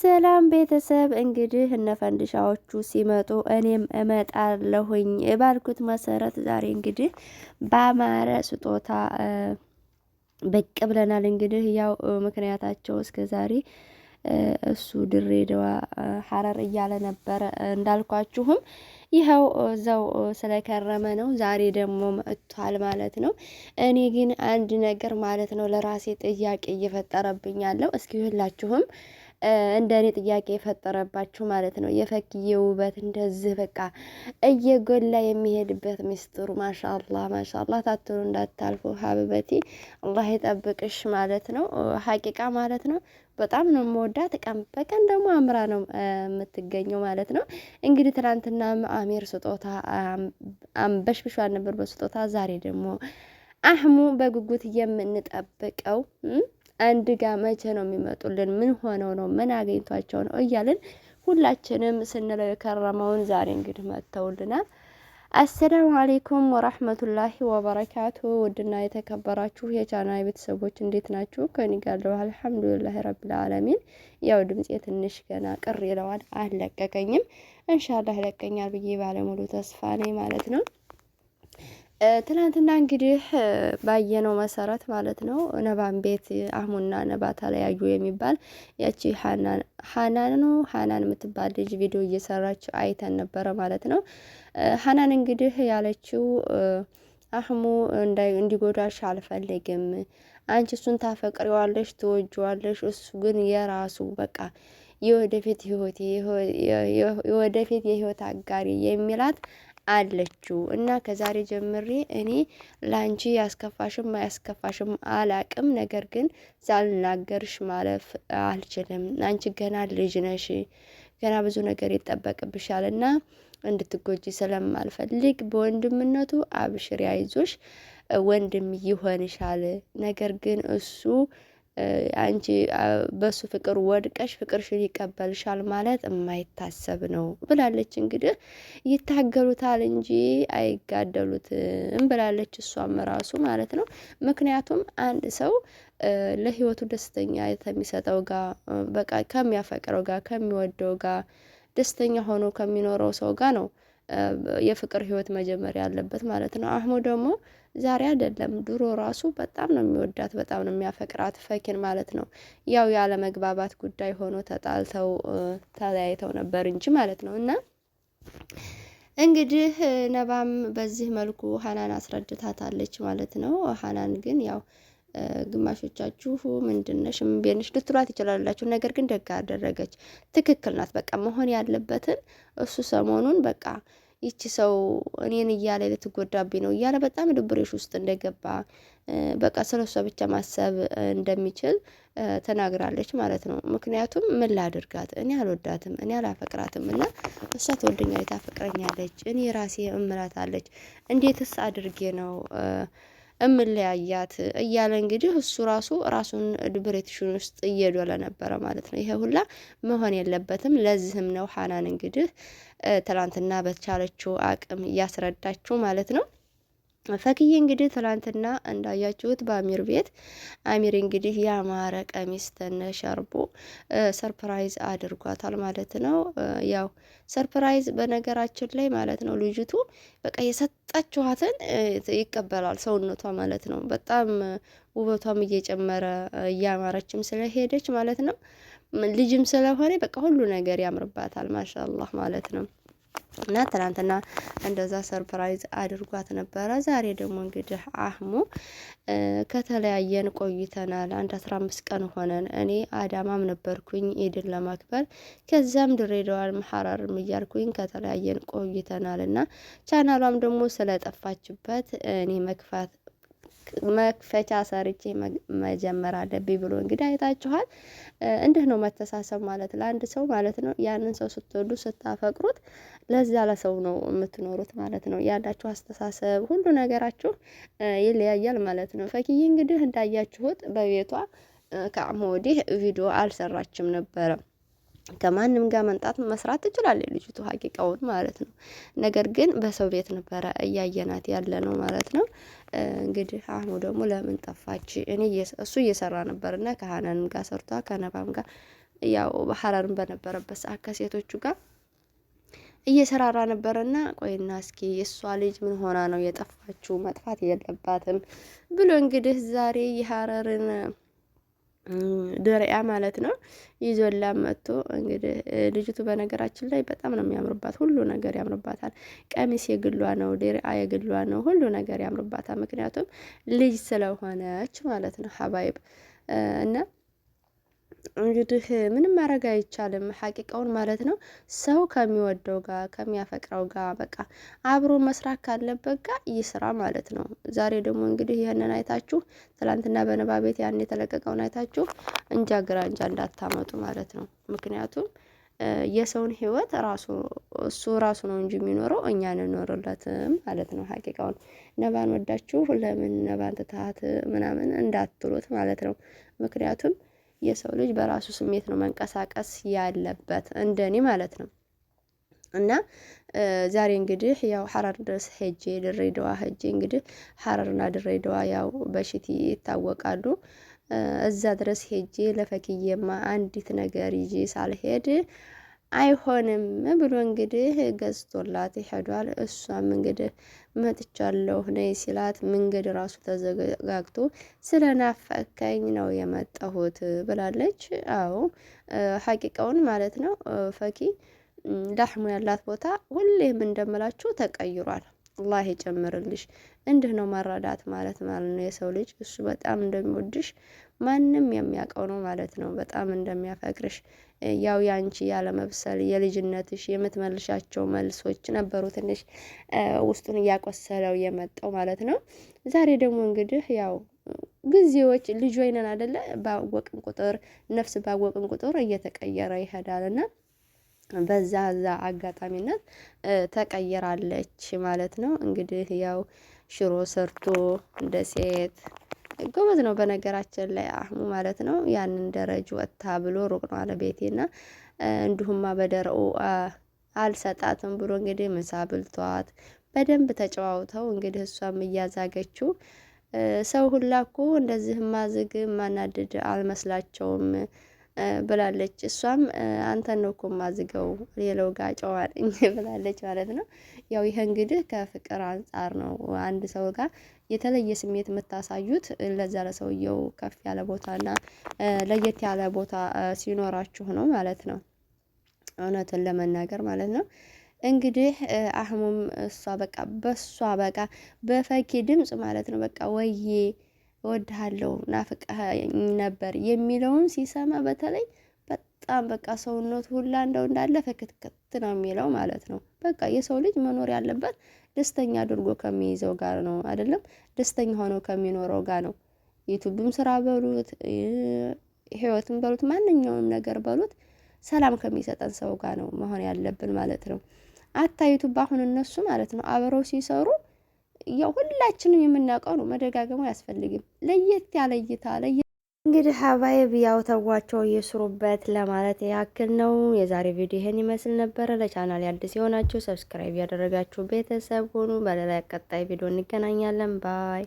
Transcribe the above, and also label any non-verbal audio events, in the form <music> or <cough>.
ሰላም ቤተሰብ እንግዲህ እነ ፈንድሻዎቹ ሲመጡ እኔም እመጣለሁኝ ባልኩት መሰረት ዛሬ እንግዲህ በአማረ ስጦታ ብቅ ብለናል። እንግዲህ ያው ምክንያታቸው እስከ ዛሬ እሱ ድሬዳዋ ሐረር እያለ ነበረ እንዳልኳችሁም ይኸው እዛው ስለከረመ ነው። ዛሬ ደግሞ መጥቷል ማለት ነው። እኔ ግን አንድ ነገር ማለት ነው ለራሴ ጥያቄ እየፈጠረብኝ ያለው እስኪ ሁላችሁም እንደ እኔ ጥያቄ የፈጠረባችሁ ማለት ነው። የፈክዬ ውበት እንደዚህ በቃ እየጎላ የሚሄድበት ሚስጥሩ ማሻላ ማሻላ ታትሉ እንዳታልፉ ሀብበቲ አላህ የጠብቅሽ ማለት ነው። ሀቂቃ ማለት ነው። በጣም ነው የምወዳት። ቀን በቀን ደግሞ አምራ ነው የምትገኘው ማለት ነው። እንግዲህ ትናንትና አሚር ስጦታ አንበሽብሿን ነበር በስጦታ ዛሬ ደግሞ አህሙ በጉጉት የምንጠብቀው አንድ ጋ መቼ ነው የሚመጡልን? ምን ሆነው ነው? ምን አገኝቷቸው ነው? እያልን ሁላችንም ስንለው የከረመውን ዛሬ እንግዲህ መጥተውልናል። አሰላሙ አሌይኩም ወራህመቱላሂ ወበረካቱ። ውድና የተከበራችሁ የቻና ቤተሰቦች እንዴት ናችሁ? ከኔ አልሐምዱሊላህ ረብል አለሚን። ያው ድምጽ ትንሽ ገና ቅር ይለዋል፣ አለቀቀኝም እንሻላህ ይለቀኛል ብዬ ባለሙሉ ተስፋ ነኝ ማለት ነው። ትናንትና እንግዲህ ባየነው መሰረት ማለት ነው ነባን ቤት አህሙና ነባ ተለያዩ የሚባል ያቺ ሀናን ነው ሀናን የምትባል ልጅ ቪዲዮ እየሰራች አይተን ነበረ ማለት ነው። ሀናን እንግዲህ ያለችው አህሙ እንዲጎዳሽ አልፈልግም፣ አንቺ እሱን ታፈቅሪዋለሽ፣ ትወጅዋለሽ፣ እሱ ግን የራሱ በቃ የወደፊት ህይወቴ የወደፊት የህይወት አጋሪ የሚላት አለችው እና ከዛሬ ጀምሬ እኔ ላንቺ ያስከፋሽም አያስከፋሽም አላቅም፣ ነገር ግን ሳልናገርሽ ማለፍ አልችልም። አንቺ ገና ልጅ ነሽ፣ ገና ብዙ ነገር ይጠበቅብሻል እና እንድትጎጂ ስለማልፈልግ በወንድምነቱ አብሽር፣ ያይዞሽ ወንድም ይሆንሻል። ነገር ግን እሱ አንቺ በሱ ፍቅር ወድቀሽ ፍቅርሽን ይቀበልሻል ማለት የማይታሰብ ነው ብላለች። እንግዲህ ይታገሉታል እንጂ አይጋደሉትም ብላለች እሷም ራሱ ማለት ነው። ምክንያቱም አንድ ሰው ለህይወቱ ደስተኛ ከሚሰጠው ጋር በቃ ከሚያፈቅረው ጋር ከሚወደው ጋር ደስተኛ ሆኖ ከሚኖረው ሰው ጋር ነው የፍቅር ህይወት መጀመር ያለበት ማለት ነው። አህሙ ደግሞ ዛሬ አይደለም ድሮ ራሱ በጣም ነው የሚወዳት፣ በጣም ነው የሚያፈቅራት ፈኪን ማለት ነው። ያው ያለመግባባት ጉዳይ ሆኖ ተጣልተው ተለያይተው ነበር እንጂ ማለት ነው እና እንግዲህ ነባም በዚህ መልኩ ሀናን አስረድታታለች ማለት ነው። ሀናን ግን ያው ግማሾቻችሁ ምንድነሽ እምቤንሽ ልትሏት ይችላላችሁ። ነገር ግን ደግ አደረገች፣ ትክክል ናት። በቃ መሆን ያለበትን እሱ ሰሞኑን በቃ ይቺ ሰው እኔን እያለ ልትጎዳብኝ ነው እያለ በጣም ድብሬሽ ውስጥ እንደገባ በቃ ስለ እሷ ብቻ ማሰብ እንደሚችል ተናግራለች ማለት ነው። ምክንያቱም ምን ላድርጋት፣ እኔ አልወዳትም፣ እኔ አላፈቅራትም እና እሷ ትወደኛለች፣ ታፈቅረኛለች፣ እኔ ራሴ እምላት አለች። እንዴትስ አድርጌ ነው እምለያያት እያለ እንግዲህ እሱ ራሱ ራሱን ድብሬትሽን ውስጥ እየዶለ ነበረ ማለት ነው። ይሄ ሁላ መሆን የለበትም። ለዚህም ነው ሀናን እንግዲህ ትላንትና በቻለችው አቅም እያስረዳችው ማለት ነው። ፈክዬ እንግዲህ ትላንትና እንዳያችሁት በአሚር ቤት አሚር እንግዲህ ያማረ ቀሚስ ሸርቦ ሰርፕራይዝ አድርጓታል ማለት ነው። ያው ሰርፕራይዝ በነገራችን ላይ ማለት ነው ልጅቱ በቃ የሰጣችኋትን ይቀበላል ሰውነቷ ማለት ነው። በጣም ውበቷም እየጨመረ እያማረችም ስለሄደች ማለት ነው ልጅም ስለሆነ በቃ ሁሉ ነገር ያምርባታል። ማሻላህ ማለት ነው። እና ትናንትና እንደዛ ሰርፕራይዝ አድርጓት ነበረ። ዛሬ ደግሞ እንግዲህ አህሙ ከተለያየን ቆይተናል። አንድ አስራ አምስት ቀን ሆነን እኔ አዳማም ነበርኩኝ ኢድን ለማክበር ከዚያም ድሬዳዋል መሐራር እያልኩኝ ከተለያየን ቆይተናል እና ቻናሏም ደግሞ ስለጠፋችበት እኔ መክፋት መክፈቻ ሰርቼ መጀመር አለብኝ ብሎ እንግዲህ አይታችኋል። እንዲህ ነው መተሳሰብ ማለት ለአንድ ሰው ማለት ነው። ያንን ሰው ስትወዱ ስታፈቅሩት፣ ለዛ ለሰው ነው የምትኖሩት ማለት ነው። ያላችሁ አስተሳሰብ ሁሉ ነገራችሁ ይለያያል ማለት ነው። ፈኪዬ እንግዲህ እንዳያችሁት በቤቷ ከአሁን ወዲህ ቪዲዮ አልሰራችም ነበረ። ከማንም ጋር መንጣት መስራት ትችላለች ልጅቱ ሀቂቃውን ማለት ነው። ነገር ግን በሰው ቤት ነበረ እያየናት ያለ ነው ማለት ነው። እንግዲህ አህሙ ደግሞ ለምን ጠፋች? እኔ እሱ እየሰራ ነበርና ከሀናንም ጋር ሰርቷ ከነባም ጋር ያው ሀረርን በነበረበት ሰዓት ከሴቶቹ ጋር እየሰራራ ነበረና ቆይና እስኪ እሷ ልጅ ምን ሆና ነው የጠፋችው? መጥፋት የለባትም ብሎ እንግዲህ ዛሬ የሀረርን ድሪያ ማለት ነው ይዞላ መጥቶ እንግዲህ ልጅቱ በነገራችን ላይ በጣም ነው የሚያምርባት፣ ሁሉ ነገር ያምርባታል። ቀሚስ የግሏ ነው፣ ድሪያ የግሏ ነው፣ ሁሉ ነገር ያምርባታል። ምክንያቱም ልጅ ስለሆነች ማለት ነው ሀባይብ እና እንግዲህ ምንም ማድረግ አይቻልም፣ ሀቂቃውን ማለት ነው። ሰው ከሚወደው ጋር ከሚያፈቅረው ጋር በቃ አብሮ መስራት ካለበት ጋር ይስራ ማለት ነው። ዛሬ ደግሞ እንግዲህ ይህንን አይታችሁ ትላንትና በንባ ቤት ያን የተለቀቀውን አይታችሁ እንጃ ግራ እንጃ እንዳታመጡ ማለት ነው። ምክንያቱም የሰውን ህይወት ራሱ እሱ ራሱ ነው እንጂ የሚኖረው እኛ እንኖርለትም ማለት ነው። ሀቂቃውን ነባን ወዳችሁ ለምን ነባን ትታት ምናምን እንዳትሉት ማለት ነው። ምክንያቱም የሰው ልጅ በራሱ ስሜት ነው መንቀሳቀስ ያለበት እንደኔ ማለት ነው። እና ዛሬ እንግዲህ ያው ሐረር ድረስ ሄጄ ድሬዳዋ ሄጄ እንግዲህ ሐረርና ድሬዳዋ ያው በሽቲ ይታወቃሉ። እዛ ድረስ ሄጄ ለፈክዬማ አንዲት ነገር ይዤ ሳልሄድ አይሆንም ብሎ እንግዲህ ገዝቶላት ይሄዷል። እሷም እንግዲህ መጥቻለሁ ነይ ሲላት መንገድ ራሱ ተዘጋግቶ ስለናፈቀኝ ነው የመጣሁት ብላለች። አዎ ሀቂቃውን ማለት ነው። ፈኪ ዳሕሙ ያላት ቦታ ሁሌም እንደምላችሁ ተቀይሯል። አላህ ይጨምርልሽ። እንዲህ ነው መረዳት ማለት ማለት ነው። የሰው ልጅ እሱ በጣም እንደሚወድሽ ማንም የሚያውቀው ነው ማለት ነው በጣም እንደሚያፈቅርሽ። ያው ያንቺ ያለመብሰል የልጅነትሽ የምትመልሻቸው መልሶች ነበሩ ትንሽ ውስጡን እያቆሰለው የመጣው ማለት ነው። ዛሬ ደግሞ እንግዲህ ያው ጊዜዎች ልጅ ወይነን አደለ ባወቅን ቁጥር ነፍስ ባወቅን ቁጥር እየተቀየረ ይሄዳልና በዛ ዛ አጋጣሚነት ተቀይራለች ማለት ነው። እንግዲህ ያው ሽሮ ሰርቶ እንደ ሴት ጎበዝ ነው በነገራችን ላይ አህሙ ማለት ነው። ያንን ደረጅ ወጥታ ብሎ ሩቅ ነው አለ ቤቴና እንዲሁማ በደረኡ አልሰጣትም ብሎ እንግዲህ ምሳ ብልቷት በደንብ ተጨዋውተው እንግዲህ እሷም እያዛገችው ሰው ሁላ እኮ እንደዚህ ማዝግ ማናድድ አልመስላቸውም። ብላለች። እሷም አንተን ነው እኮ ማዝገው ሌላው ጋ ጨዋለኝ <laughs> ብላለች ማለት ነው። ያው ይሄ እንግዲህ ከፍቅር አንጻር ነው አንድ ሰው ጋር የተለየ ስሜት የምታሳዩት ለዛ ለሰውየው ከፍ ያለ ቦታና ለየት ያለ ቦታ ሲኖራችሁ ነው ማለት ነው። እውነትን ለመናገር ማለት ነው። እንግዲህ አህሙም እሷ በቃ በሷ በቃ በፈኪ ድምፅ ማለት ነው በቃ ወዬ እወድሃለሁ ናፍቀኸኝ ነበር የሚለውን ሲሰማ በተለይ በጣም በቃ ሰውነቱ ሁላ እንደው እንዳለ ፍክትክት ነው የሚለው ማለት ነው። በቃ የሰው ልጅ መኖር ያለበት ደስተኛ አድርጎ ከሚይዘው ጋር ነው አይደለም፣ ደስተኛ ሆኖ ከሚኖረው ጋር ነው። ዩቱብም ስራ በሉት ህይወትም በሉት ማንኛውም ነገር በሉት ሰላም ከሚሰጠን ሰው ጋር ነው መሆን ያለብን ማለት ነው። አታ ዩቱብ አሁን እነሱ ማለት ነው አብረው ሲሰሩ ያው ሁላችንም የምናውቀው ነው። መደጋገሙ አያስፈልግም። ለየት ያለ እይታ እንግዲህ ሀባይብ ያው ተዋቸው እየስሩበት ለማለት ያክል ነው። የዛሬ ቪዲዮ ይህን ይመስል ነበረ። ለቻናል አዲስ የሆናችሁ ሰብስክራይብ ያደረጋችሁ ቤተሰብ ሆኑ በሌላ ቀጣይ ቪዲዮ እንገናኛለን። ባይ